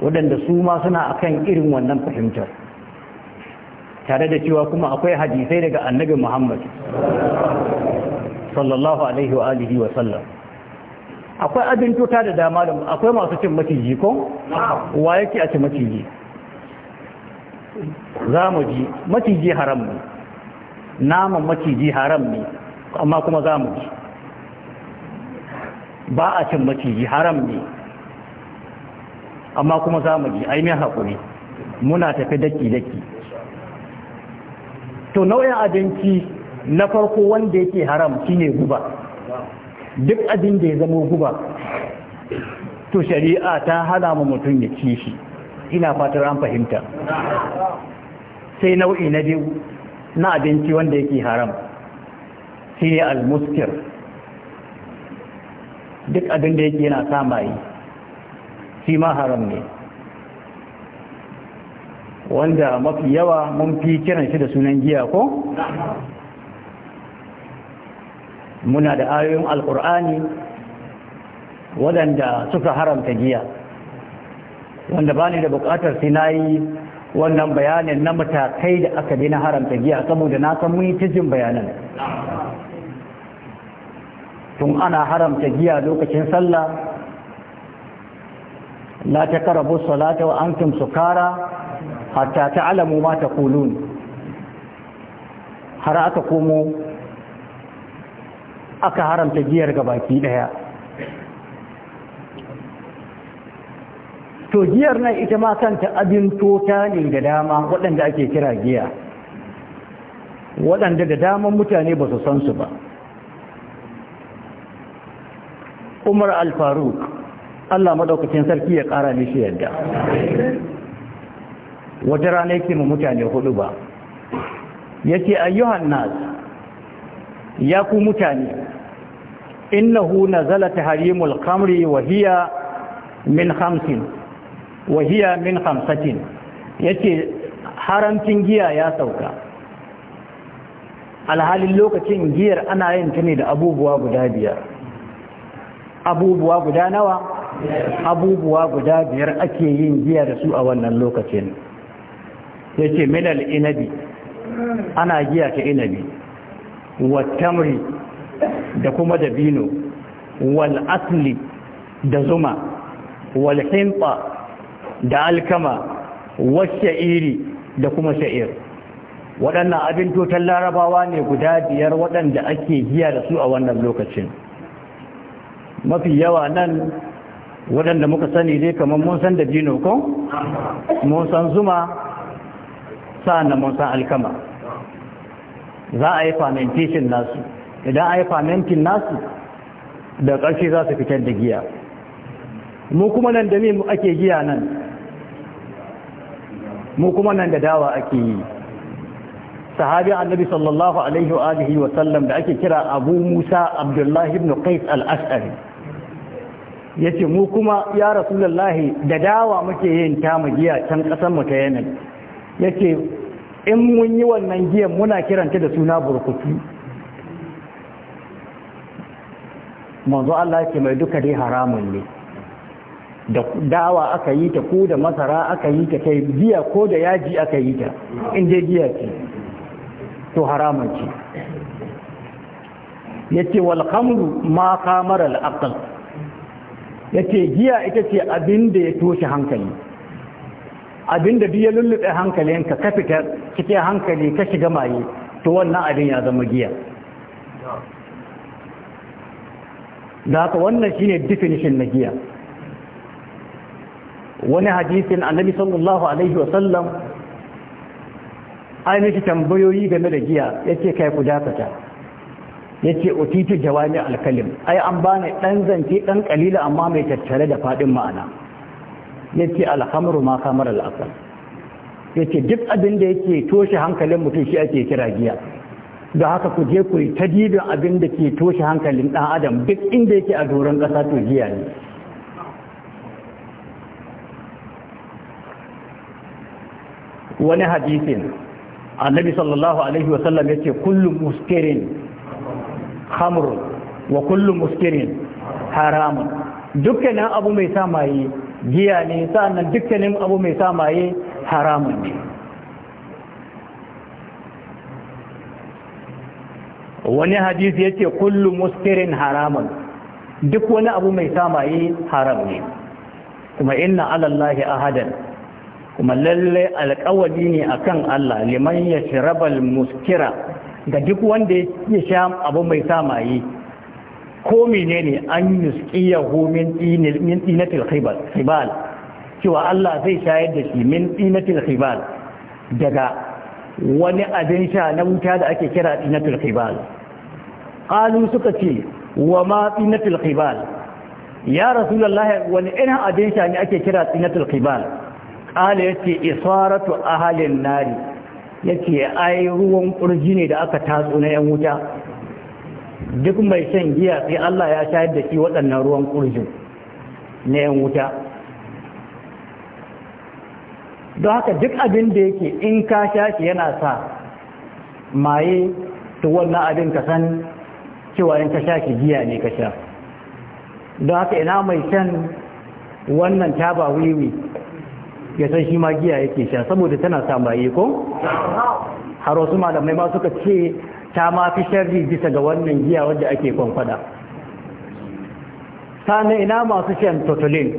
waɗanda su ma suna akan irin wannan fahimtar tare da cewa kuma akwai hadisai daga annabi Muhammad sallallahu alaihi wa alihi wa sallam akwai abincuta da dama da akwai masu cin maciji ko wa yake a cin maciji za mu ji maciji haram ne naman maciji haram ne amma kuma za mu ji ba a cin maciji haram ne amma kuma za mu ji ai mai haƙuri muna tafi daki-daki to nau'in abinci na farko wanda yake haram shine guba duk abin da ya zama guba to shari'a ta hana mu mutum ya ci shi ina fatar an fahimta sai nau'i na biyu na abinci wanda yake haram shine almuskir duk abin da yake yana samayi shi ma haram ne wanda mafi yawa mun fi kiran shi da sunan giya ko muna da ayoyin alkur'ani waɗanda suka haramta giya wanda bani da buƙatar sai nayi wannan bayanin na matakai da aka na haramta giya saboda na san mun yi bayanan tun ana haramta giya lokacin sallah la ta karabu salata wa antum sukara hatta alamu ma kulun har aka komo aka haramta giyar ga baki daya to giyar nan ita ma kanta abin tota ne da dama waɗanda ake kira giya waɗanda da daman mutane ba su san su ba umar al-faruk allah maɗaukacin sarki ya ƙara mishi yadda wata rana yake mu mutane hudu ba yake ayyuhan nas ya ku mutane innahu nazala tahrimul harimul kamri hiya min hamsin, wa min min Ya yace haramcin giya ya sauka alhalin lokacin giyar ana yin ta ne da abubuwa guda biyar abubuwa guda nawa abubuwa guda biyar ake yin giya da su a wannan lokacin yake minal inabi ana giya ta inabi watamri da kuma dabino wal asli da zuma wal himpa da alkama washa'iri da kuma sha'ir waɗannan abin totan larabawa ne guda biyar waɗanda ake giya da su a wannan lokacin mafi yawa nan waɗanda muka sani dai kamar mun san da dabino ko mun san zuma sa'annan mun san alkama za a yi fermentation nasu idan a yi fermentin nasu da ƙarshe za su fitar da giya mu kuma nan da mu ake giya nan mu kuma nan da dawa ake yi sahabi annabi sallallahu alaihi wa alihi wa sallam da ake kira abu musa abdullahi ibn qais al-ash'ari yace mu kuma ya rasulullahi da dawa muke yin ta tamu giya can kasan mu ta yemen yake in mun yi wannan giyan muna kiranta da suna burkutu manzo Allah yake mai duka dai haramun ne da dawa aka yi ta ko da masara aka yi ta kai giya ko da yaji aka yi ta in dai giya ce to haramun ce yake wal khamru ma kamara al aql yace giya ita ce abin da ya toshe hankali abinda duk ya lullube hankalinka ka fita cikin hankali ka shiga maye to wannan abin ya zama giya da haka wannan shine definition na giya wani hadisin annabi sallallahu alaihi wasallam an yi tambayoyi game da giya yace kai ku dakata yace otiti jawami alkalim ai an bani dan zanti dan kalila amma mai tattare da fadin ma'ana ya ce alhamru ma kamar al'asar ya ce duk abin da yake toshe hankalin mutum shi ake kira giya da haka ku je ku yi ta dibin abin da ke toshe hankalin ɗan adam duk inda yake a doron ƙasa to giya ne wani hadisin annabi sallallahu alaihi wasallam ya ce kullum muskirin hamru, wa kullum muskirin haramun dukkanin abu mai sa maye giya ne sa'annan dukkanin abu mai samaye haramun ne wani hadisi ce kullu muskirin haramun duk wani abu mai samaye haram ne kuma inna alallahi ahadan kuma lallai alkawali ne a kan Allah liman ya shirabal muskira ga duk wanda ya sha abu mai samaye ko menene an yusqiyahu min dinil min dinatil khibal khibal cewa Allah zai shayar da shi min dinatil khibal daga wani abin sha na wuta da ake kira dinatil khibal qalu suka ce wa ma dinatil khibal ya rasulallah wani ina abin sha ne ake kira dinatil khibal qala yace isaratu ahalin nari ce ai ruwan kurji ne da aka tatso na yan wuta duk mai shan giya sai Allah ya shayar da shi waɗannan ruwan ƙurjin na yan wuta don haka duk abin da yake in ka sha shi yana sa maye ta wannan abin ka san cewa in ka sha shi giya ne ka sha don haka ina mai shan wannan taba wiwi ya san shi ma giya yake sha saboda tana sa maye ko har wasu malamai ma suka ce ta ma fi sharri bisa ga wannan giya wadda ake kwankwada sannan ina masu shan totolin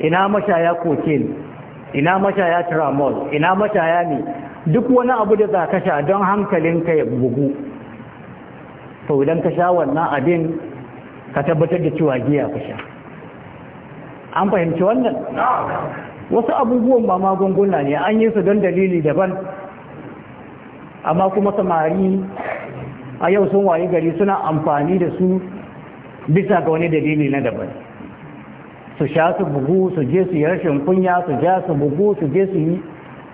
ina mashaya cocaine ina mashaya tramol ina mashaya ne duk wani abu da za ka sha don ka ya bugu to idan ka sha wannan abin ka tabbatar da cewa giya ka sha an fahimci wannan wasu abubuwan ba magunguna ne an yi su don dalili daban amma kuma samari a yau sun waye gari suna amfani da su bisa ga wani dalili na daban su sha su bugu su je su yi rashin kunya su ja su bugu su je su yi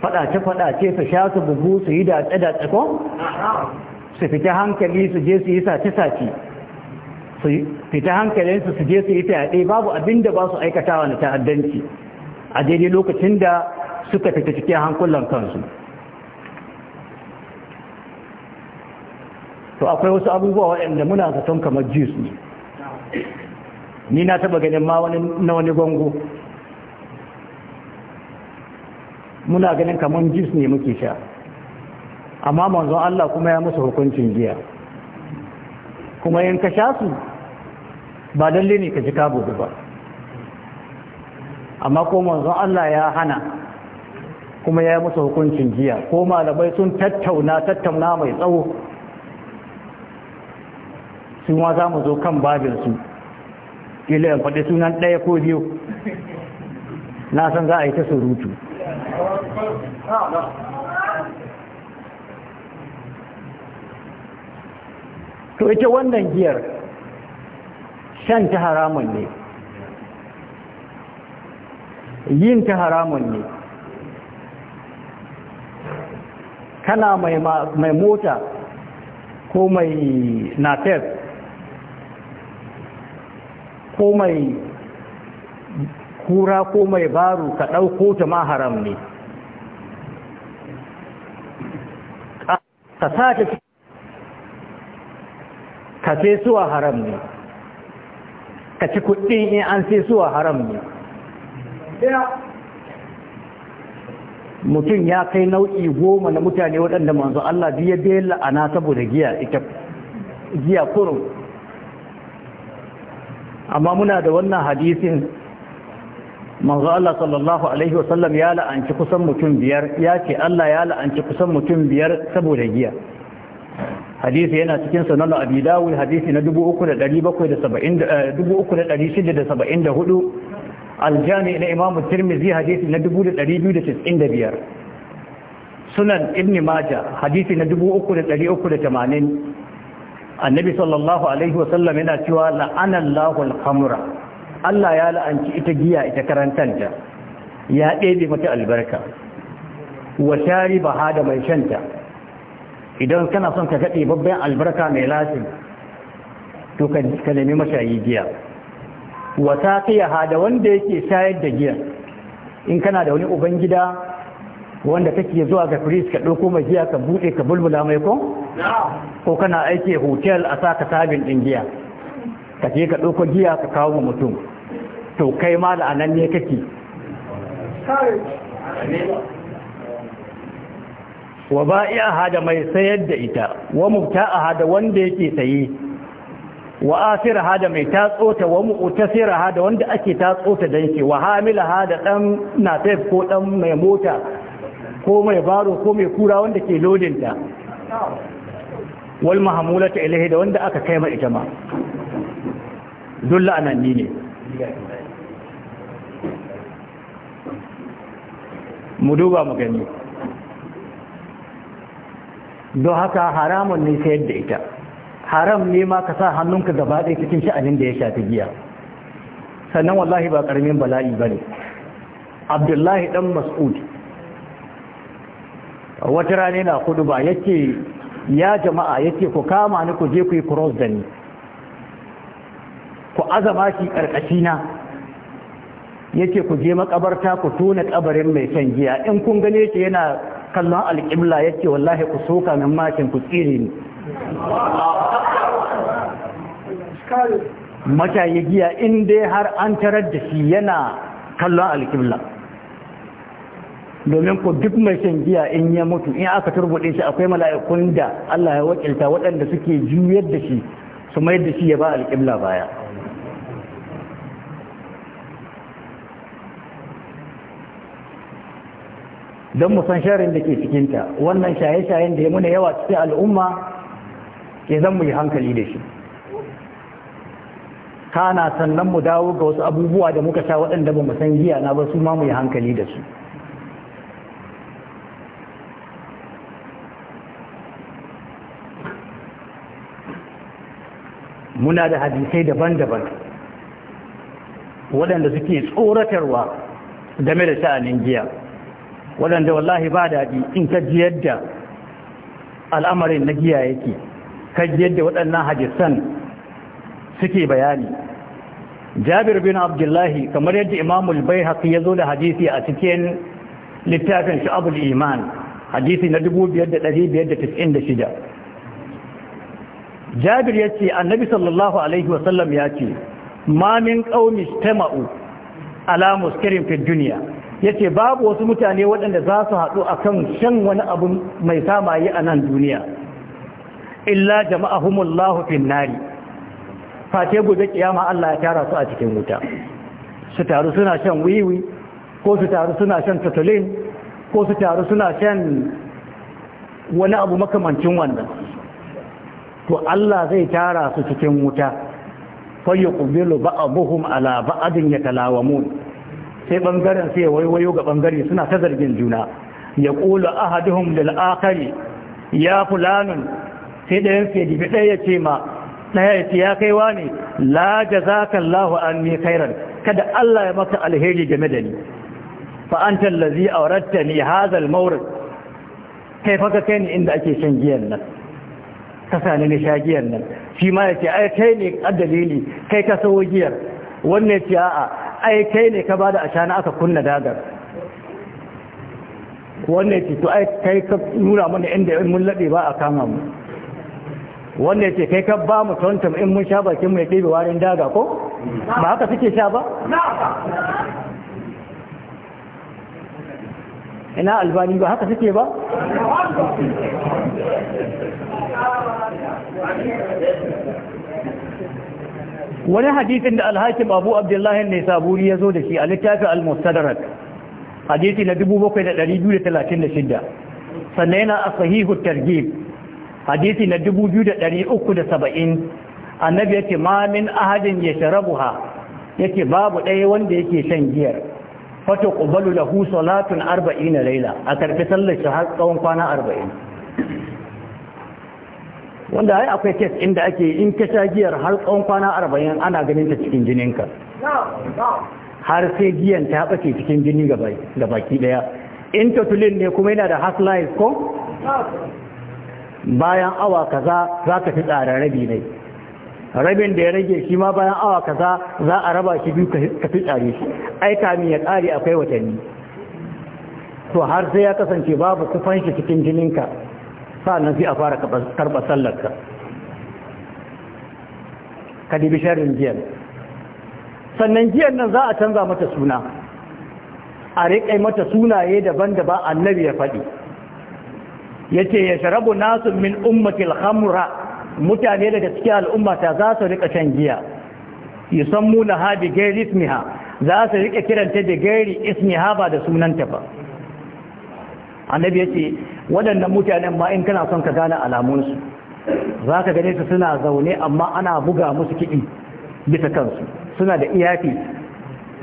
fadace-fadace su sha su bugu su yi dace-dace ko su fita hankali su je su yi sace-sace su fita hankalinsu su je su yi fyaɗe babu abin da ba su aikatawa na ta'addanci a daidai lokacin da suka fita cikin hankulan kansu to akwai wasu abubuwa waɗanda muna zaton kamar jus ne ni na taba ganin ma wani na wani gongo muna ganin kamar jus ne muke sha amma manzon Allah kuma ya musu hukuncin giya kuma in ka sha su ba lalle ne ka ji ka ba amma ko manzon Allah ya hana kuma ya yi musu hukuncin jiya. ko malamai sun tattauna tattauna mai tsawo su ma za mu zo kan babinsu ila in faɗi sunan ɗaya ko biyu na san za a yi ta surutu to ita wannan giyar shan ta haramun ne yin ta haramun ne kana mai mota ko mai tef ko mai kura ko mai baro ka ɗauko ta ma haram ne ka sa ka sai suwa haram ne ka ci kuɗin in an sai suwa haram ne mutum ya kai nau'i goma na mutane waɗanda manzo Allah biya biya la'ana saboda giya ita giya kurum amma muna da wannan hadisin manzo Allah sallallahu alaihi wasallam ya la'anci kusan mutum biyar ya ce Allah ya la'anci kusan mutum biyar saboda giya hadisi yana cikin sunan abi dawud hadisi na 3374 eh, aljami na imam tirmizi hadisi na 2295 sunan ibn majah hadisi na 3380 annabi sallallahu alaihi wasallam yana cewa la'anar al-khamra Allah ya la'anci ita giya ita karantanta ya ɗebe mata albarka wa shariba hada mai shanta idan kana son ka gade babban albarka mai lafi to ka nemi mashayi giya wa taqiya hada wanda yake shayar da giya in kana da wani ubangida wanda take zuwa ga fridge ka dauko mai jiya ka buɗe ka bulbula mai ko ko kana aiki hotel a saka tabin sabin ɗin giya ka je ka dauko giya ka kawo ma mutum to kai ma da anan ne kake wa ba'i'a hada mai sayar da ita wa mubta'a hada wanda yake saye wa asira hada mai tatsota wa mu'tasira hada wanda ake tatsota dan ke wa hamila da dan natif ko dan mai mota ko mai baro ko mai kura wanda ke lodinta wal mahamulata ilahi da wanda aka kai ma ita ma anan ni ne mu duba mu gani don haka haramun ne sayar da ita haram ne ma ka sa hannunka gaba ɗaya cikin sha'anin da ya shafi giya sannan wallahi ba ƙaramin bala'i bane. abdullahi ɗan mas'ud wata rana na kudu ba yake ya jama'a yake ku kama ni ku je ku yi cross da ni ku azama shi ya yake ku je makabarta ku tona kabarin mai shan giya in kun gane shi yana kallon alƙibla yake wallahi ku soka min makin ku tsire ni mata giya in dai har an tarar da shi yana kallon alƙibla domin ko duk mai shan giya in ya mutu in aka turbuɗe shi akwai mala'ikun da Allah ya wakilta waɗanda suke juyar da shi su mayar da shi ya ba alƙibla baya don mu san sharin da ke cikinta wannan shaye-shayen da ya muna yawa cikin al'umma ke zan mu yi hankali da shi kana sannan mu dawo ga wasu abubuwa da muka sha waɗanda ba mu san giya na ba su ma mu yi hankali da su muna da hadisai daban-daban waɗanda suke tsoratarwa game da sha'anin giya waɗanda wallahi ba daɗi in ka ji yadda al'amarin na giya yake ka ji yadda waɗannan hadisan suke bayani jabir bin abdullahi kamar yadda imamul bai haƙi ya zo da hadisi a cikin littafin sha'abul iman hadisi na 2596 jabir ya ce annabi sallallahu alaihi wasallam ya ce mamin ƙaumi qaumi Alamus, ala muskirin duniya ya yace babu wasu mutane waɗanda za su haɗu kan shan wani abu mai samaye a nan duniya illa jama'ahumullahu fin nari fate gobe kiyama Allah ya tara su a cikin wuta su taru suna shan wiwi ko su taru suna shan tatalin ko su taru suna shan wani abu makamancin wannan to Allah zai tara su cikin wuta fayu ƙubilu ba'abuhum ala ba'adin ya talawamun sai ɓangaren sai waiwayo ga ɓangare suna ta zargin juna ya ƙula ahaduhum lil akari ya fulanun sai ɗayan sai dibi ɗaya ya ce ma ɗaya ya ce ya kai wa ne la jazakallahu anni khairan kada Allah ya maka alheri game da ni fa anta aurarta ni ya al-mawrid kai fa ka kai ni inda ake shan giyan nan Kasa sani na sha nan shi ma ya ce ai kai ne a dalili kai ka sawo giyar wannan ce a'a ai kai ne ka bada ashana aka kunna dagar wannan ce to ai kai ka nuna mana inda mun lade ba a kama mu wannan ce kai ka ba mu tantam in mun sha bakin mu ya ɗebe warin daga ko ba haka suke sha ba ina albani ba haka suke ba wani hadisin da alhakim abu abdullahi ne saburi ya zo da shi a littafi al-mustadrak hadisi na 7236 sannan yana a sahihu targhib hadisi na 2370 annabi yace ma min ahadin yashrabuha yake babu ɗaya wanda yake shan giyar fato ƙubalu lahu salatun arba'in na laila a karɓi sallar har tsawon kwana arba'in wanda ai akwai kes inda ake in ka sha giyar har tsawon kwana arba'in ana ganin ta cikin jininka har sai giyan ta ɓace cikin jini ga baki ɗaya tatulin ne kuma yana da half life ko bayan awa kaza za ka fi tsara rabi ne rabin da ya rage shi ma bayan awa kaza za a raba shi biyu ka fi tsare shi Aika min ya tsare akwai watanni to har sai ya kasance babu kufan shi cikin jininka sa'annan sai a fara karɓar sallarka ka dibi sharrin jiyan sannan jiyan nan za a canza mata suna a riƙe mata sunaye daban-daban annabi ya faɗi ya ce ya sharabu nasu min ummatil hamra mutane daga cikin al'ummata za su rika shan giya muna ha bi gairi ismiha za su rika kiranta da gairi ismiha ba da sunanta ba annabi ya ce waɗannan mutanen ma in kana son ka gane alamunsu za ka gane su suna zaune amma ana buga musu kiɗi bisa kansu suna da iyafi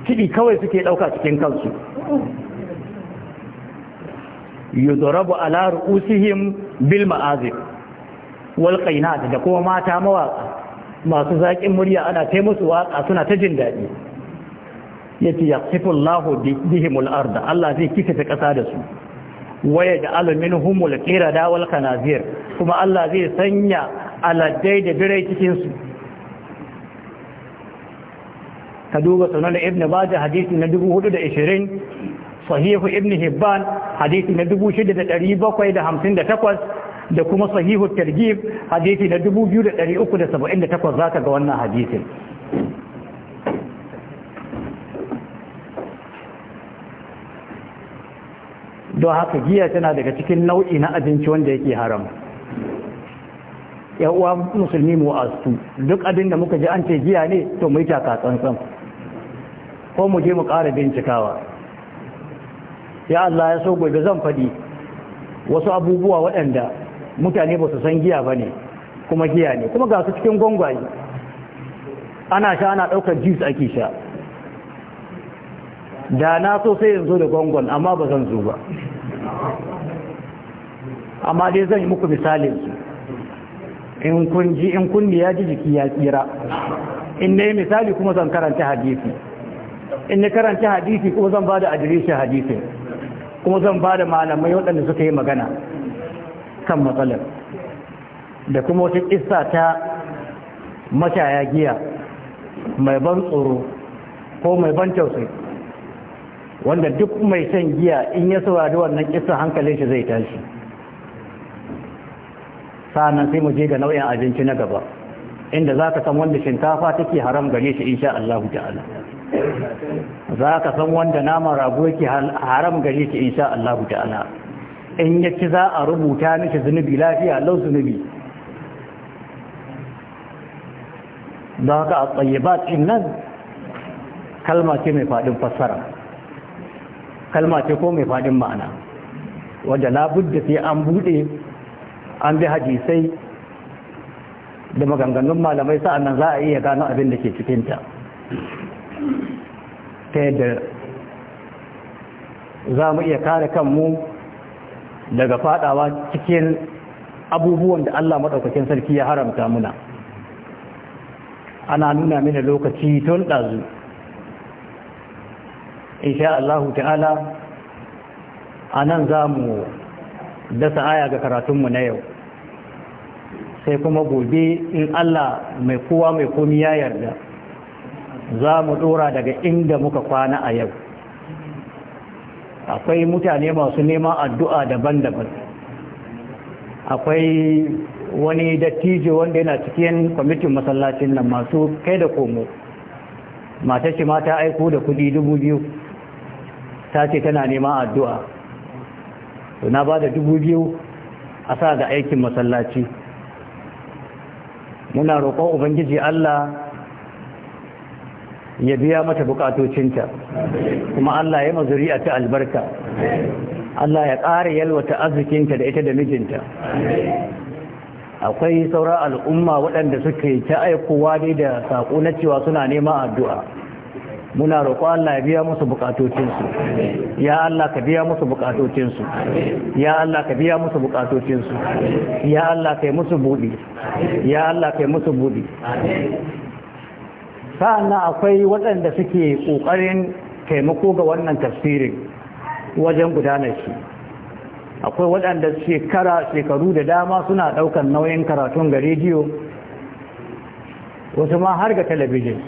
kiɗi kawai suke ɗauka cikin kansu yudorabu ala ru'usihim bil ma'azib walƙaina da kuma mata mawaƙa masu zaƙin murya ana ta musu waƙa suna ta jin daɗi ya ce ya sifin lahu bihimul arda Allah zai kisa ta ƙasa da su waya da alamin humul ƙira kanazir kuma Allah zai sanya aladdai da birai cikinsu ka duba sunan ibn Baji hadisi na 420 sahihu ibn Hibban hadisi na 6758 da kuma sahihu targhib hadisi na 2378 zaka ga wannan hadisin don haka giya tana daga cikin nau'i na abinci wanda yake haram uwa musulmi mu astu duk abin da muka ji an ce giya ne to mu yi taka tsantsan ko mu je mu ƙara bincikawa ya Allah ya so gobe zan faɗi wasu abubuwa waɗanda mutane ba su san giya ba ne kuma giya ne kuma ga su cikin gwangwaye ana sha ana ɗaukar juice ake sha da na so sai yanzu da gwangwan amma ba zan zo ba amma dai zan yi muku misalin su in kun ji in kunni ya ji jiki ya tsira in na yi misali kuma zan karanta hadisi in na karanta hadisi kuma zan ba da adireshin hadisin kuma zan ba da malamai waɗanda suka yi magana kan matsalar da kuma wata ƙisa ta mashaya giya mai ban tsoro ko mai ban tausayi wanda duk mai shan giya in ya saurari wannan ƙisa hankalin shi zai tashi sa'annan sai mu je ga nau'in abinci na gaba inda za ka san wanda shinkafa take haram gare shi insha Allah ta'ala za ka san wanda naman rago yake haram gare shi insha Allah ta'ala in ya ci za a rubuta miki zunubi lafiya lau zunubi don haka a ba cin nan kalma mai faɗin fassara kalma ko mai faɗin ma'ana wadda labudda sai an buɗe an bi hadisai da maganganun malamai sa'an nan za a iya gano abin da ke cikinta ta yadda za mu iya kare kanmu daga fadawa cikin abubuwan da Allah maɗaukakin sarki ya haramta muna ana nuna mini lokaci tun ɗazu insha Allahu ta'ala a nan za mu dasa aya ga karatunmu na yau sai kuma gobe in Allah mai kowa mai komi ya yarda za mu ɗora daga inda muka kwana a yau akwai mutane masu neman addu'a daban-daban akwai wani dattijo wanda yana cikin kwamitin masallacin nan masu kai da komo mata ce mata aiko da kudi dubu biyu ta ce tana neman addu'a na ba da dubu biyu a sa ga aikin masallaci muna roƙon ubangiji Allah ya biya mata bukatocinta kuma Allah ya a ta albarka Allah ya ƙara yalwata arzikinta da ita da mijinta akwai sauran al'umma waɗanda suke ta aikowa dai da saƙo na cewa suna nema addu'a muna roƙo Allah ya biya musu bukatocinsu ya Allah ka biya musu bukatocinsu ya Allah ka biya musu bukatocinsu ya Allah kai musu buɗi ya Allah kai musu buɗi sa'annan akwai waɗanda suke ƙoƙarin taimako ga wannan tafsirin wajen gudanar shi akwai waɗanda shekara shekaru da dama suna ɗaukar nauyin karatun ga rediyo wasu ma har ga talabijin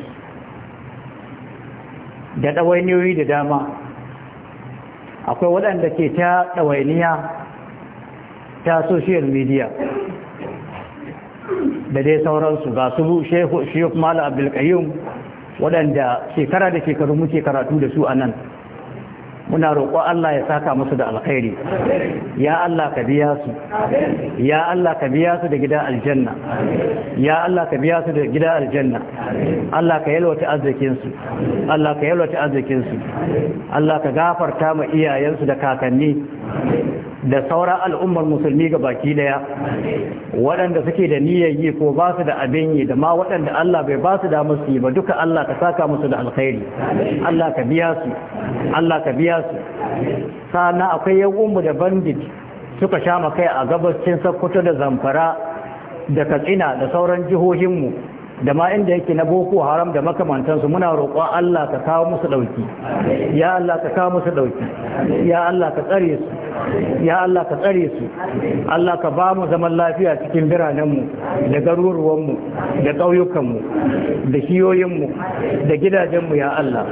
da ɗawainiyoyi da dama akwai waɗanda ke ta ɗawainiya ta social media da dai sauransu ga su shehu mala abdulkayyum waɗanda shekara da shekaru muke karatu da su a nan muna roƙo Allah ya saka musu da alkhairi ya Allah ka biya su ya Allah ka biya su da gida aljanna ya Allah ka biya su da gida aljanna Allah ka yalwata arzikin su Allah ka yalwata arzikin su Allah ka gafarta ma iyayensu da kakanni da sauran al'ummar musulmi ga baki daya waɗanda suke da niyyar yi ko ba su da abin yi da ma waɗanda Allah bai ba su da musu yi ba duka Allah ka saka musu da alkhairi Allah ka biya su Allah ka biya su sana akwai yan da bandit suka sha maka a gabacin Sokoto da Zamfara da Katsina da sauran jihohinmu da ma inda yake na boko haram da makamantansu muna roƙo Allah ka kawo musu ɗauki ya Allah ka kawo musu ɗauki ya Allah ka tsare su ya Allah ka tsare su Allah ka ba mu zaman lafiya cikin biranenmu da garuruwanmu da ƙauyukanmu da shiyoyinmu da gidajenmu ya Allah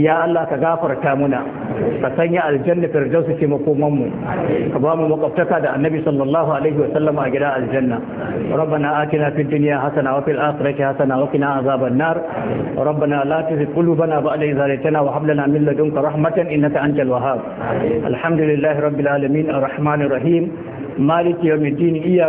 ya Allah ka gafarta muna ka sanya aljanna firdausu ce makoman mu ka ba mu makwabtaka da annabi sallallahu alaihi wa a gida aljanna rabbana atina fid dunya hasana wa fil akhirati hasana wa qina azaban nar rabbana la tuzigh qulubana ba'da idh hadaytana wa hab lana min ladunka rahmatan innaka antal wahhab alhamdulillahi rabbil alamin arrahmanir rahim maliki yawmiddin